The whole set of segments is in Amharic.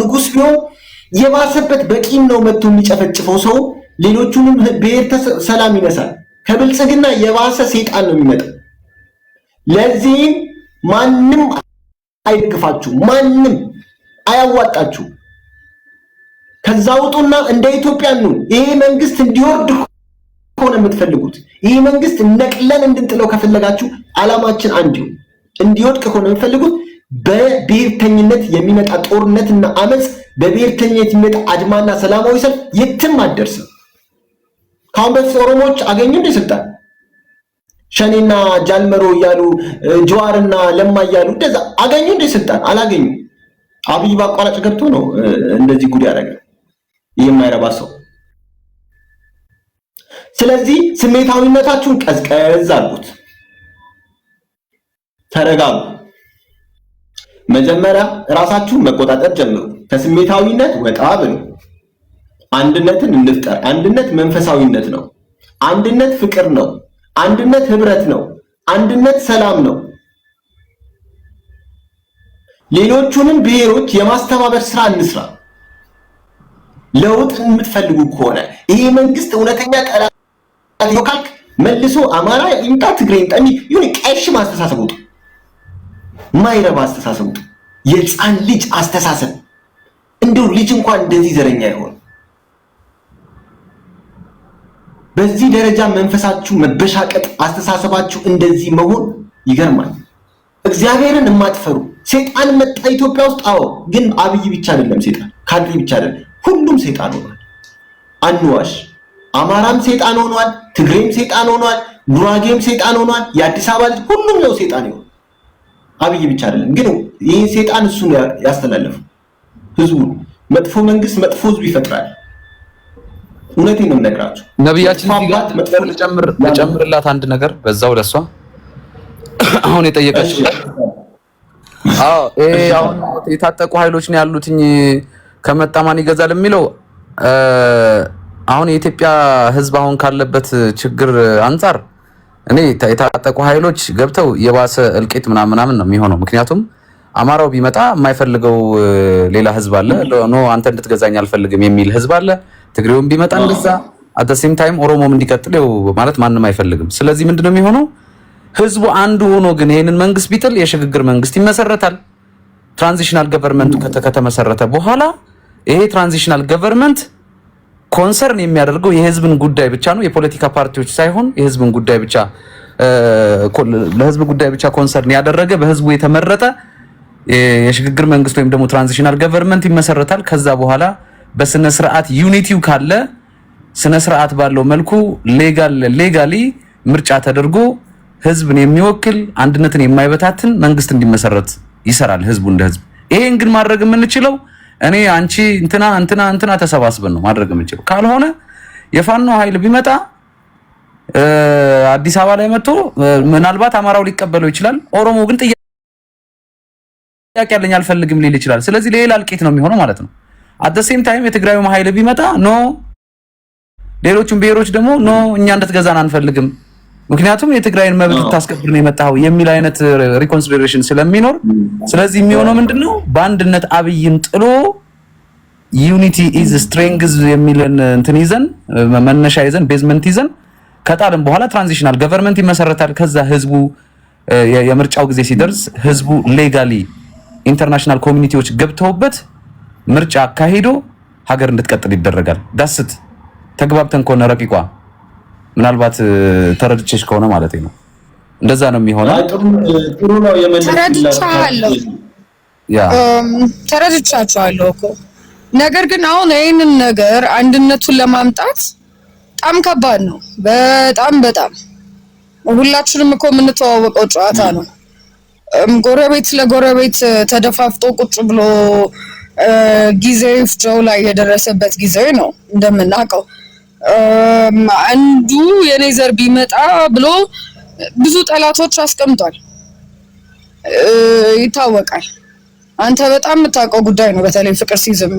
ንጉስ ቢሆን የባሰበት በቂም ነው መቶ የሚጨፈጭፈው ሰው ሌሎቹንም ብሔር ሰላም ይነሳል። ከብልጽግና የባሰ ሴጣን ነው የሚመጣው። ለዚህም ማንም አይደግፋችሁ፣ ማንም አያዋጣችሁ። ከዛ ውጡና እንደ ኢትዮጵያ ነው። ይሄ መንግስት እንዲወርድ ከሆነ የምትፈልጉት ይህ መንግስት ነቅለን እንድንጥለው ከፈለጋችሁ አላማችን አንድ ይሁን። እንዲወድቅ ከሆነ የምትፈልጉት በብሔርተኝነት የሚመጣ ጦርነትና አመፅ፣ በብሔርተኝነት የሚመጣ አድማና ሰላማዊ ሰልፍ የትም አደርስም። ከአሁን በፊት ኦሮሞዎች አገኙ እንደ ስልጣን ሸኔና ጃልመሮ እያሉ ጅዋርና ለማ እያሉ እንደዛ አገኙ እንደ ስልጣን አላገኙ። አብይ በአቋራጭ ገብቶ ነው እንደዚህ ጉድ ያደረገ የማይረባ ሰው። ስለዚህ ስሜታዊነታችሁን ቀዝቀዝ አድርጉት፣ ተረጋጉ። መጀመሪያ ራሳችሁን መቆጣጠር ጀምሩ። ከስሜታዊነት ወጣ ብሉ። አንድነትን እንፍጠር። አንድነት መንፈሳዊነት ነው። አንድነት ፍቅር ነው። አንድነት ህብረት ነው። አንድነት ሰላም ነው። ሌሎቹንም ብሔሮች የማስተባበር ስራ እንስራ። ለውጥ የምትፈልጉ ከሆነ ይሄ መንግስት እውነተኛ ቀላ ካልክ መልሶ አማራ ይምጣ፣ ትግሬ ይምጣ፣ ቀሽ ማስተሳሰቡ ማይረባ አስተሳሰቡ የህፃን ልጅ አስተሳሰብ እንዲሁ ልጅ እንኳን እንደዚህ ዘረኛ ይሆን። በዚህ ደረጃ መንፈሳችሁ መበሻቀጥ፣ አስተሳሰባችሁ እንደዚህ መሆን ይገርማል። እግዚአብሔርን የማትፈሩ ሴጣን መጣ ኢትዮጵያ ውስጥ። አዎ፣ ግን አብይ ብቻ አይደለም ሴጣን፣ ካድሬ ብቻ አይደለም፣ ሁሉም ሴጣን ሆኗል። አንዋሽ፣ አማራም ሴጣን ሆኗል፣ ትግሬም ሴጣን ሆኗል፣ ኑራጌም ሴጣን ሆኗል፣ የአዲስ አበባ ልጅ ሁሉም ነው ሴጣን ይሆን አብይ ብቻ አይደለም። ግን ይህ ሴጣን እሱ ነው ያስተላለፈው ህዝቡን። መጥፎ መንግስት መጥፎ ህዝብ ይፈጥራል። እውነቴን ነው የምነግራቸው። ነቢያችን ልጨምርላት አንድ ነገር በዛው ለሷ አሁን የጠየቀችው አሁን የታጠቁ ኃይሎች ነው ያሉትኝ ከመጣ ማን ይገዛል የሚለው አሁን የኢትዮጵያ ህዝብ አሁን ካለበት ችግር አንጻር እኔ የታጠቁ ኃይሎች ገብተው የባሰ እልቂት ምናምናምን ነው የሚሆነው። ምክንያቱም አማራው ቢመጣ የማይፈልገው ሌላ ህዝብ አለ። ኖ አንተ እንድትገዛኝ አልፈልግም የሚል ህዝብ አለ። ትግሬውም ቢመጣ እንደዛ፣ ሴም ታይም ኦሮሞም እንዲቀጥል ማለት ማንም አይፈልግም። ስለዚህ ምንድን ነው የሚሆነው? ህዝቡ አንዱ ሆኖ ግን ይህንን መንግስት ቢጥል የሽግግር መንግስት ይመሰረታል። ትራንዚሽናል ገቨርንመንቱ ከተመሰረተ በኋላ ይሄ ትራንዚሽናል ገቨርንመንት ኮንሰርን የሚያደርገው የህዝብን ጉዳይ ብቻ ነው። የፖለቲካ ፓርቲዎች ሳይሆን የህዝብን ጉዳይ ብቻ ለህዝብ ጉዳይ ብቻ ኮንሰርን ያደረገ በህዝቡ የተመረጠ የሽግግር መንግስት ወይም ደግሞ ትራንዚሽናል ገቨርንመንት ይመሰረታል። ከዛ በኋላ በስነ ስርዓት ዩኒቲው ካለ ስነ ስርዓት ባለው መልኩ ሌጋል ሌጋሊ ምርጫ ተደርጎ ህዝብን የሚወክል አንድነትን የማይበታትን መንግስት እንዲመሰረት ይሰራል። ህዝቡ እንደ ህዝብ ይሄን ግን ማድረግ የምንችለው እኔ አንቺ እንትና እንትና እንትና ተሰባስበን ነው ማድረግ የምንችለው። ካልሆነ የፋኖ ኃይል ቢመጣ አዲስ አበባ ላይ መጥቶ ምናልባት አማራው ሊቀበለው ይችላል። ኦሮሞ ግን ጥያቄ ያለኝ አልፈልግም ሊል ይችላል። ስለዚህ ሌላ እልቂት ነው የሚሆነው ማለት ነው። አት ሴም ታይም የትግራዩ ኃይል ቢመጣ ኖ፣ ሌሎቹም ብሔሮች ደግሞ ኖ እኛ እንድትገዛን አንፈልግም ምክንያቱም የትግራይን መብት ልታስከብር ነው የመጣው የሚል አይነት ሪኮንሲደሬሽን ስለሚኖር፣ ስለዚህ የሚሆነው ምንድን ነው በአንድነት አብይን ጥሎ ዩኒቲ ኢዝ ስትሬንግዝ የሚልን እንትን ይዘን መነሻ ይዘን ቤዝመንት ይዘን ከጣልም በኋላ ትራንዚሽናል ገቨርንመንት ይመሰረታል። ከዛ ህዝቡ የምርጫው ጊዜ ሲደርስ ህዝቡ ሌጋሊ ኢንተርናሽናል ኮሚኒቲዎች ገብተውበት ምርጫ አካሂዶ ሀገር እንድትቀጥል ይደረጋል። ዳስት ተግባብተን ከሆነ ረቂቋ ምናልባት ተረድቼሽ ከሆነ ማለት ነው። እንደዛ ነው የሚሆነው። ተረድቻቸዋለሁ እኮ ነገር ግን አሁን ይህንን ነገር አንድነቱን ለማምጣት በጣም ከባድ ነው። በጣም በጣም ሁላችንም እኮ የምንተዋወቀው ጨዋታ ነው። ጎረቤት ለጎረቤት ተደፋፍጦ ቁጭ ብሎ ጊዜ ፍጆው ላይ የደረሰበት ጊዜ ነው እንደምናውቀው። አንዱ የኔ ዘር ቢመጣ ብሎ ብዙ ጠላቶች አስቀምጧል። ይታወቃል። አንተ በጣም የምታውቀው ጉዳይ ነው። በተለይ ፍቅር ሲዝም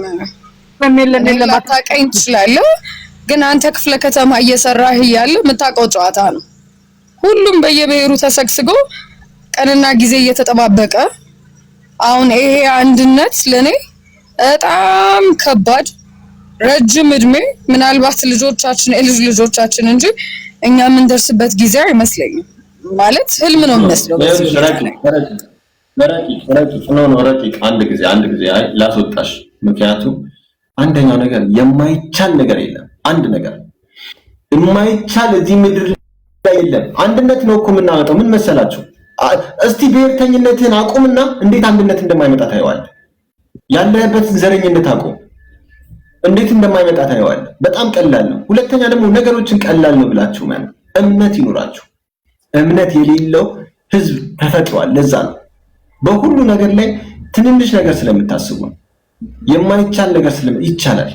ለማታቀኝ ትችላለህ፣ ግን አንተ ክፍለ ከተማ እየሰራህ እያለ የምታውቀው ጨዋታ ነው። ሁሉም በየብሔሩ ተሰግስጎ ቀንና ጊዜ እየተጠባበቀ አሁን ይሄ አንድነት ለእኔ በጣም ከባድ ረጅም እድሜ ምናልባት ልጆቻችን የልጅ ልጆቻችን እንጂ እኛ የምንደርስበት ጊዜ አይመስለኝም። ማለት ህልም ነው የሚመስለው። ረቂቅ አንድ ጊዜ አንድ ጊዜ ላስወጣሽ። ምክንያቱም አንደኛው ነገር የማይቻል ነገር የለም። አንድ ነገር የማይቻል እዚህ ምድር ላይ የለም። አንድነት ነው እኮ የምናመጣው። ምን መሰላችሁ? እስቲ ብሔርተኝነትን አቁምና እንዴት አንድነት እንደማይመጣ ታየዋል። ያለህበትን ዘረኝነት አቁም። እንዴት እንደማይመጣ ታየዋለህ። በጣም ቀላል ነው። ሁለተኛ ደግሞ ነገሮችን ቀላል ነው ብላችሁ ማለት እምነት ይኖራችሁ። እምነት የሌለው ህዝብ ተፈጥሯል። ለዛ ነው በሁሉ ነገር ላይ ትንንሽ ነገር ስለምታስቡ ነው። የማይቻል ነገር ስለ ይቻላል።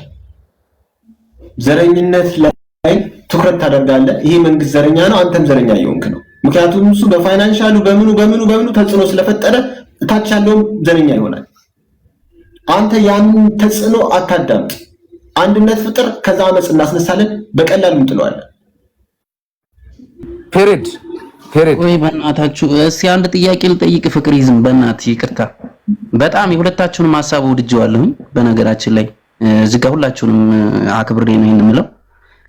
ዘረኝነት ላይ ትኩረት ታደርጋለህ። ይሄ መንግስት ዘረኛ ነው፣ አንተም ዘረኛ እየሆንክ ነው። ምክንያቱም እሱ በፋይናንሻሉ በምኑ በምኑ በምኑ ተጽዕኖ ስለፈጠረ እታች ያለውም ዘረኛ ይሆናል። አንተ ያንን ተጽዕኖ አታዳምጥ። አንድነት ፍጥር ከዛ አመፅ እናስነሳለን። በቀላሉ እንጥለዋለን። ፔሬድ ፔሬድ። ወይ በእናታችሁ እስኪ አንድ ጥያቄ ልጠይቅ። ፍቅር ይዝም በእናት ይቅርታ፣ በጣም የሁለታችሁንም ሀሳብ ወድጀዋለሁኝ። በነገራችን ላይ እዚህ ጋር ሁላችሁንም አክብሬ ነው የምለው፣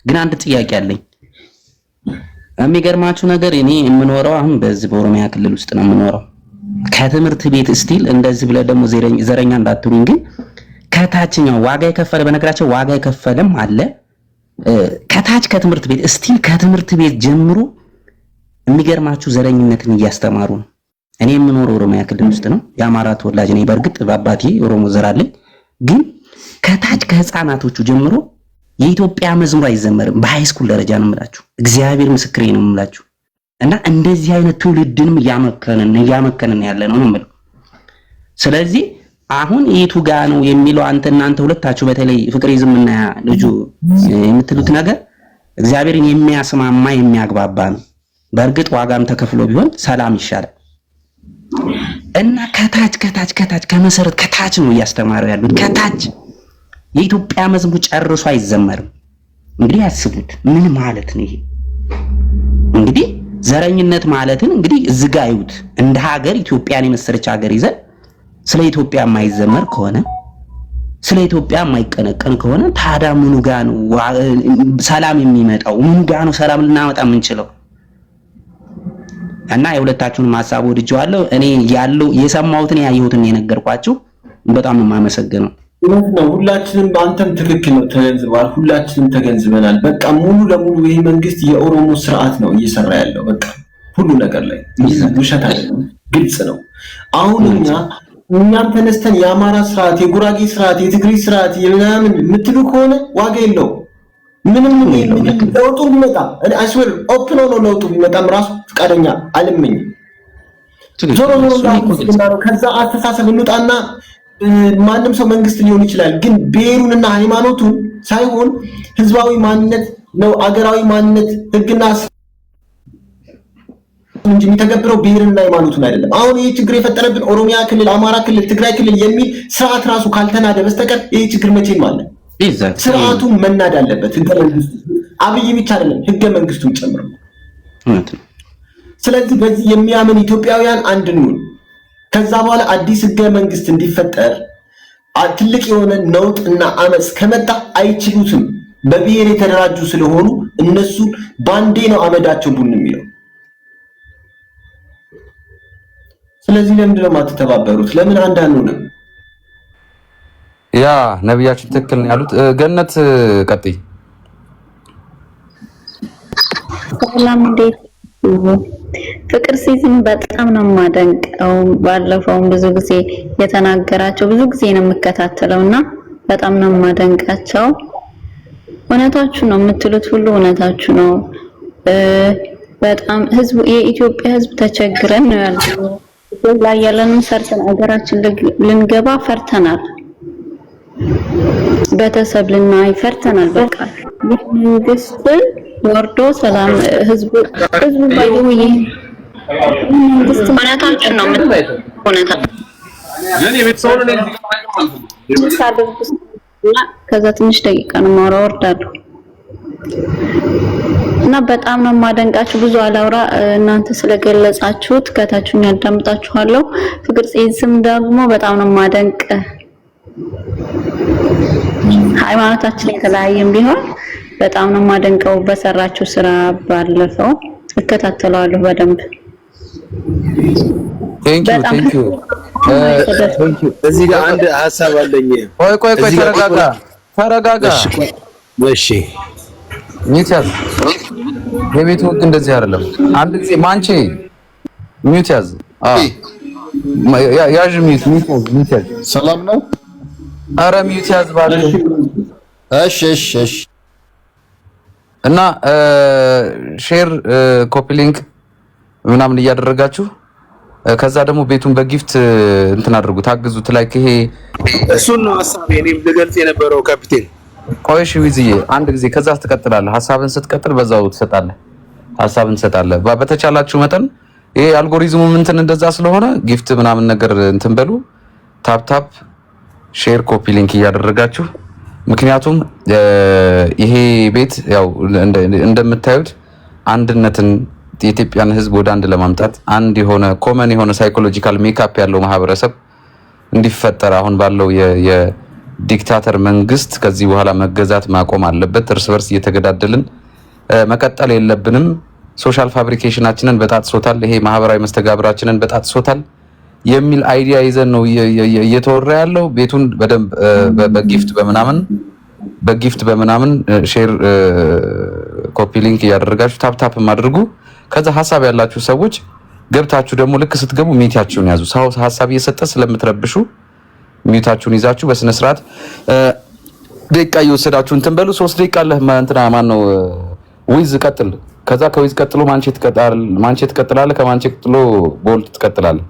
ግን አንድ ጥያቄ አለኝ። የሚገርማችሁ ነገር እኔ የምኖረው አሁን በዚህ በኦሮሚያ ክልል ውስጥ ነው የምኖረው። ከትምህርት ቤት እስቲል እንደዚህ ብለህ ደግሞ ዘረኛ እንዳትሉኝ ግን ከታችኛው ዋጋ የከፈለ በነገራቸው ዋጋ የከፈለም አለ ከታች ከትምህርት ቤት እስቲል ከትምህርት ቤት ጀምሮ የሚገርማችሁ ዘረኝነትን እያስተማሩ ነው። እኔ የምኖረው ኦሮሚያ ክልል ውስጥ ነው። የአማራ ተወላጅ ነኝ። በእርግጥ በአባቴ ኦሮሞ ዘር አለኝ። ግን ከታች ከህፃናቶቹ ጀምሮ የኢትዮጵያ መዝሙር አይዘመርም። በሃይስኩል ደረጃ ነው የምላችሁ። እግዚአብሔር ምስክሬ ነው የምላችሁ። እና እንደዚህ አይነት ትውልድንም እያመከንን እያመከንን ያለ ነው ነው የምለው ስለዚህ አሁን የቱ ጋ ነው የሚለው አንተ እናንተ ሁለታችሁ በተለይ ፍቅር ይዝምና ልጁ የምትሉት ነገር እግዚአብሔርን የሚያስማማ የሚያግባባ ነው። በእርግጥ ዋጋም ተከፍሎ ቢሆን ሰላም ይሻላል እና ከታች ከታች ከታች ከመሰረት ከታች ነው እያስተማረው ያሉት። ከታች የኢትዮጵያ መዝሙ ጨርሶ አይዘመርም። እንግዲህ ያስቡት ምን ማለት ነው ይሄ? እንግዲህ ዘረኝነት ማለትን እንግዲህ እዚህ ይዩት። እንደ ሀገር ኢትዮጵያን የመሰለች ሀገር ይዘን ስለ ኢትዮጵያ የማይዘመር ከሆነ ስለ ኢትዮጵያ የማይቀነቀን ከሆነ ታዲያ ምኑ ጋ ነው ሰላም የሚመጣው? ምኑ ጋ ነው ሰላም ልናመጣ የምንችለው? እና የሁለታችሁንም ሀሳብ ወድጀዋለሁ። እኔ ያለው የሰማሁትን ያየሁትን የነገርኳችሁ በጣም የማመሰግነው እውነት ነው። ሁላችንም በአንተም ትክክል ነው ተገንዝበዋል። ሁላችንም ተገንዝበናል። በቃ ሙሉ ለሙሉ ይሄ መንግስት የኦሮሞ ስርዓት ነው እየሰራ ያለው። በቃ ሁሉ ነገር ላይ ውሸት አይደለም፣ ግልጽ ነው። አሁን እኛ እኛም ተነስተን የአማራ ስርዓት፣ የጉራጌ ስርዓት፣ የትግሪ ስርዓት ምናምን የምትሉ ከሆነ ዋጋ የለው። ምንም ለውጡ ቢመጣ አይስወር ኦፕን ሆኖ ለውጡ ቢመጣም ራሱ ፈቃደኛ አልመኝም። ዞሮ ዞሮ ከዛ አስተሳሰብ እንውጣና ማንም ሰው መንግስት ሊሆን ይችላል፣ ግን ብሔሩንና ሃይማኖቱን ሳይሆን ህዝባዊ ማንነት ነው። አገራዊ ማንነት ህግና እንጂ የሚተገብረው ብሔርና ሃይማኖትን አይደለም። አሁን ይህ ችግር የፈጠረብን ኦሮሚያ ክልል፣ አማራ ክልል፣ ትግራይ ክልል የሚል ስርዓት ራሱ ካልተናደ በስተቀር ይህ ችግር መቼም አለ። ስርዓቱ መናድ አለበት። ህገ መንግስቱ አብይ ብቻ አይደለም ህገ መንግስቱን ጨምሮ። ስለዚህ በዚህ የሚያምን ኢትዮጵያውያን አንድ ንሁን። ከዛ በኋላ አዲስ ህገ መንግስት እንዲፈጠር ትልቅ የሆነ ነውጥና አመፅ ከመጣ አይችሉትም። በብሔር የተደራጁ ስለሆኑ እነሱ ባንዴ ነው አመዳቸው ቡን የሚለው ስለዚህ ለምንድን ነው የማትተባበሩት? ለምን አንድ አንሆንም? ያ ነቢያችን ትክክል ነው ያሉት። ገነት ቀጥይ። ሰላም እንዴት ፍቅር ሲዝን በጣም ነው የማደንቀው። ባለፈውም ብዙ ጊዜ የተናገራቸው ብዙ ጊዜ ነው የምከታተለው እና በጣም ነው የማደንቃቸው። እውነታችሁ ነው የምትሉት ሁሉ እውነታችሁ ነው። በጣም ህዝቡ የኢትዮጵያ ህዝብ ተቸግረን ነው ያለው ላይ ያለንን ሰርተን አገራችን ልንገባ ፈርተናል። ቤተሰብ ልናይ ፈርተናል። በቃ ይህ መንግስት ወርዶ ሰላም ህዝቡ ህዝቡ ባይደው ይህ መንግስት ማለታችን ነው። ሁኔታ ከዛ ትንሽ ደቂቃ ነው ማውራ ወርዳለሁ እና በጣም ነው የማደንቃችሁ። ብዙ አላውራ እናንተ ስለገለጻችሁት ከታችሁኝ አዳምጣችኋለሁ ፍቅር ጽይዝም ደግሞ በጣም ነው የማደንቅ። ሃይማኖታችን የተለያየም ቢሆን በጣም ነው የማደንቀው። በሰራችሁ ስራ ባለፈው እከታተለዋለሁ በደንብ እዚህ ጋር አንድ ሀሳብ አለኝ። ቆይ ቆይ ቆይ፣ ተረጋጋ ተረጋጋ። እሺ ሚውት ያዝ። የቤት ወግ እንደዚህ አይደለም። አንድ ጊዜ ማንቺ ሚውት ያዝ። አዎ ያዥ ሚውት ሚውት ያዝ። ሰላም ነው። አረ ሚውት ያዝ ባለ። እሺ እሺ እሺ። እና ሼር ኮፒ ሊንክ ምናምን እያደረጋችሁ ከዛ ደግሞ ቤቱን በጊፍት እንትን አድርጉት፣ አግዙት። ላይክ ይሄ እሱን ነው ሀሳቤ እኔም ልገልጽ የነበረው ካፒቴን ቆይሽ እሺ አንድ ጊዜ ከዛ ትቀጥላለህ። ሀሳብን ስትቀጥል በዛው ትሰጣለህ፣ ሀሳብን ትሰጣለህ። በተቻላችሁ መጠን ይሄ አልጎሪዝሙ እንትን እንደዛ ስለሆነ ጊፍት ምናምን ነገር እንትን በሉ፣ ታፕ፣ ሼር፣ ኮፒ ሊንክ እያደረጋችሁ ምክንያቱም ይሄ ቤት ያው እንደምታዩት አንድነትን የኢትዮጵያን ሕዝብ ወደ አንድ ለማምጣት አንድ የሆነ ኮመን የሆነ ሳይኮሎጂካል ሜካፕ ያለው ማህበረሰብ እንዲፈጠር አሁን ባለው ዲክታተር መንግስት ከዚህ በኋላ መገዛት ማቆም አለበት። እርስ በርስ እየተገዳደልን መቀጠል የለብንም። ሶሻል ፋብሪኬሽናችንን በጣጥሶታል፣ ይሄ ማህበራዊ መስተጋብራችንን በጣጥሶታል የሚል አይዲያ ይዘን ነው እየተወራ ያለው። ቤቱን በደንብ በጊፍት በምናምን በጊፍት በምናምን ሼር ኮፒ ሊንክ እያደረጋችሁ ታፕታፕ አድርጉ። ከዛ ሀሳብ ያላችሁ ሰዎች ገብታችሁ ደግሞ ልክ ስትገቡ ሚቲያችሁን ያዙ። ሰው ሀሳብ እየሰጠ ስለምትረብሹ ሚዩታችሁን ይዛችሁ በስነ ስርዓት ደቂቃ እየወሰዳችሁ እንትን በሉ። ሶስት ደቂቃ አለ። እንትና ማን ነው ዊዝ ቀጥል። ከዛ ከዊዝ ቀጥሎ ማንቼ ትቀጥላለህ። ማንቼ ትቀጥላለህ። ከማንቼ ቀጥሎ ቦልድ ትቀጥላለህ።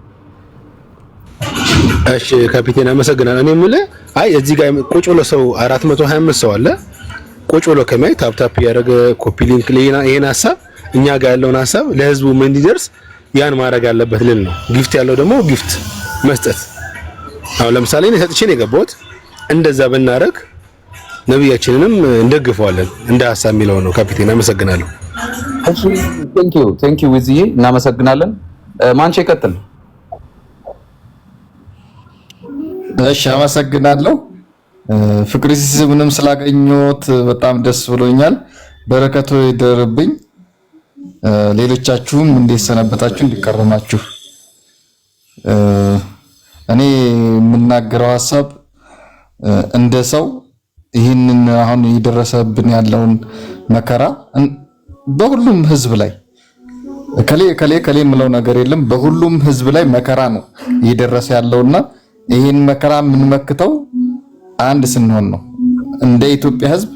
እሺ ካፒቴን አመሰግናለሁ። እኔ የምልህ አይ እዚህ ጋር ቁጭ ብሎ ሰው 425 ሰው አለ ቁጭ ብሎ ከሚያይ ታፕታፕ ያደረገ ኮፒ ሊንክ ሌና ይሄን ሀሳብ እኛ ጋር ያለውን ሀሳብ ለህዝቡ ምን እንዲደርስ ያን ማድረግ አለበት ልል ነው። ጊፍት ያለው ደግሞ ጊፍት መስጠት አሁን ለምሳሌ እኔ ሰጥቼ ነው የገባሁት። እንደዛ ብናረግ ነብያችንንም እንደግፈዋለን። እንደ ሀሳብ የሚለው ነው። ካፒቴን አመሰግናለሁ። እሺ ቴንክ ዩ ቴንክ ዩ ዊዝዬ እናመሰግናለን። ማንቼ ይቀጥል? እሺ አመሰግናለሁ። ምንም ስላገኘሁት በጣም ደስ ብሎኛል። በረከቱ ይደርብኝ። ሌሎቻችሁም እንዴት ሰነበታችሁ? እንዲቀረማችሁ እኔ የምናገረው ሀሳብ እንደ ሰው ይህንን አሁን የደረሰብን ያለውን መከራ በሁሉም ህዝብ ላይ ከሌ ከሌ ከሌ የምለው ነገር የለም። በሁሉም ህዝብ ላይ መከራ ነው እየደረሰ ያለውና ይህን መከራ የምንመክተው አንድ ስንሆን ነው። እንደ ኢትዮጵያ ህዝብ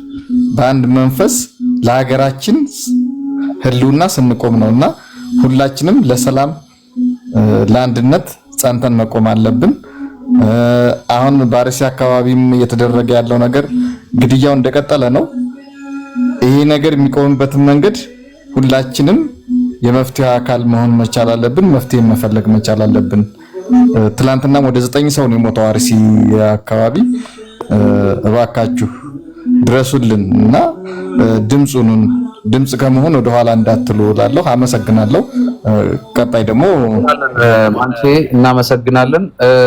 በአንድ መንፈስ ለሀገራችን ህልውና ስንቆም ነውና ሁላችንም ለሰላም ለአንድነት ጸንተን መቆም አለብን። አሁን በአርሲ አካባቢም እየተደረገ ያለው ነገር ግድያው እንደቀጠለ ነው። ይሄ ነገር የሚቆምበትን መንገድ ሁላችንም የመፍትሄ አካል መሆን መቻል አለብን። መፍትሄ መፈለግ መቻል አለብን። ትላንትና ወደ ዘጠኝ ሰው ነው የሞተው አርሲ አካባቢ። እባካችሁ ድረሱልን እና ድምፁንን ድምፅ ከመሆን ወደኋላ እንዳትሉ እላለሁ። አመሰግናለሁ። ቀጣይ ደግሞ አንቺ እናመሰግናለን።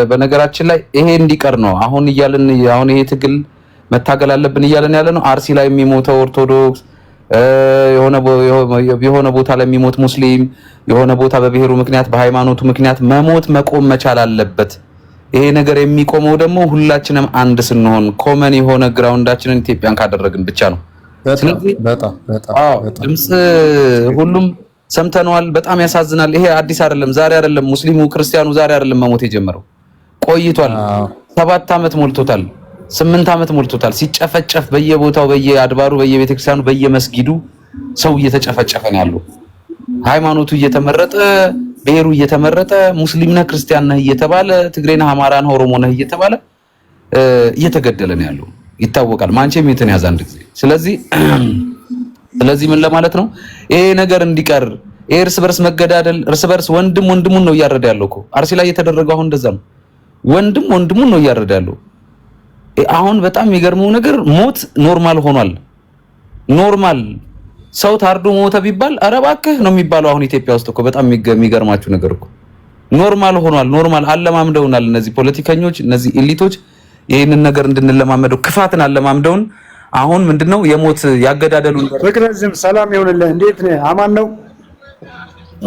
በነገራችን ላይ ይሄ እንዲቀር ነው አሁን እያልን አሁን ይሄ ትግል መታገል አለብን እያለን ያለ ነው። አርሲ ላይ የሚሞተው ኦርቶዶክስ የሆነ ቦታ ላይ የሚሞት ሙስሊም የሆነ ቦታ በብሔሩ ምክንያት በሃይማኖቱ ምክንያት መሞት መቆም መቻል አለበት። ይሄ ነገር የሚቆመው ደግሞ ሁላችንም አንድ ስንሆን ኮመን የሆነ ግራውንዳችንን ኢትዮጵያን ካደረግን ብቻ ነው። ስለዚህ ድምፅ ሁሉም ሰምተነዋል። በጣም ያሳዝናል። ይሄ አዲስ አይደለም፣ ዛሬ አይደለም፣ ሙስሊሙ ክርስቲያኑ ዛሬ አይደለም መሞት የጀመረው ቆይቷል። ሰባት ዓመት ሞልቶታል፣ ስምንት ዓመት ሞልቶታል። ሲጨፈጨፍ በየቦታው በየአድባሩ፣ በየቤተክርስቲያኑ፣ በየመስጊዱ ሰው እየተጨፈጨፈ ነው ያለው። ሃይማኖቱ እየተመረጠ ብሔሩ እየተመረጠ ሙስሊም ነህ ክርስቲያን ነህ እየተባለ ትግሬ ነህ አማራ ነህ ኦሮሞ ነህ እየተባለ እየተገደለ ነው ያለው። ይታወቃል። ማንቼም የትን ያዝ አንድ ጊዜ ስለዚህ ስለዚህ ምን ለማለት ነው ይሄ ነገር እንዲቀር ይሄ እርስ በርስ መገዳደል እርስ በርስ ወንድም ወንድሙን ነው እያረደ ያለው እኮ አርሲ ላይ የተደረገው አሁን እንደዛ ነው ወንድም ወንድሙን ነው እያረደ ያለው አሁን በጣም የሚገርመው ነገር ሞት ኖርማል ሆኗል ኖርማል ሰው ታርዶ ሞተ ቢባል ኧረ እባክህ ነው የሚባለው አሁን ኢትዮጵያ ውስጥ እኮ በጣም የሚገርማችሁ ነገር እኮ ኖርማል ሆኗል ኖርማል አለማምደውናል እነዚህ ፖለቲከኞች እነዚህ ኤሊቶች ይህንን ነገር እንድንለማመደው ክፋትን አለማምደውን አሁን ምንድነው የሞት ያገዳደሉ ፍቅረዝም ሰላም ይሁንልህ። እንዴት ነህ? አማን ነው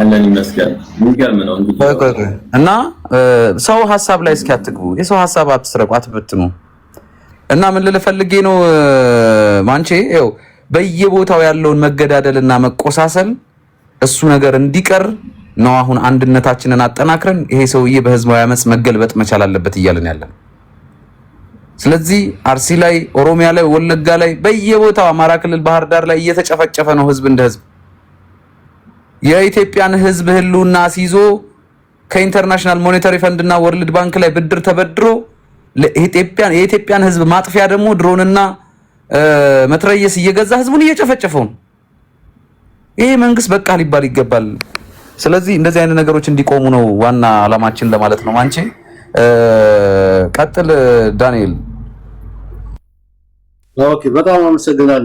አለን ይመስገን። የሚገርም ነው እና ሰው ሀሳብ ላይ እስኪ አትግቡ፣ የሰው ሀሳብ አትስረቁ፣ አትበትኑ። እና ምን ልልህ ፈልጌ ነው ማንቼ ይኸው በየቦታው ያለውን መገዳደልና መቆሳሰል እሱ ነገር እንዲቀር ነው። አሁን አንድነታችንን አጠናክረን ይሄ ሰውዬ በህዝባዊ አመፅ መገልበጥ መቻል አለበት እያልን ያለን ስለዚህ አርሲ ላይ፣ ኦሮሚያ ላይ፣ ወለጋ ላይ በየቦታው አማራ ክልል ባህር ዳር ላይ እየተጨፈጨፈ ነው ህዝብ እንደ ህዝብ። የኢትዮጵያን ህዝብ ህልውና አስይዞ ከኢንተርናሽናል ሞኔታሪ ፈንድ እና ወርልድ ባንክ ላይ ብድር ተበድሮ የኢትዮጵያን ህዝብ ማጥፊያ ደግሞ ድሮንና መትረየስ እየገዛ ህዝቡን እየጨፈጨፈው ነው። ይሄ መንግስት በቃ ሊባል ይገባል። ስለዚህ እንደዚህ አይነት ነገሮች እንዲቆሙ ነው ዋና አላማችን ለማለት ነው። ማንቼ ቀጥል ዳንኤል። ኦኬ፣ በጣም አመሰግናለሁ።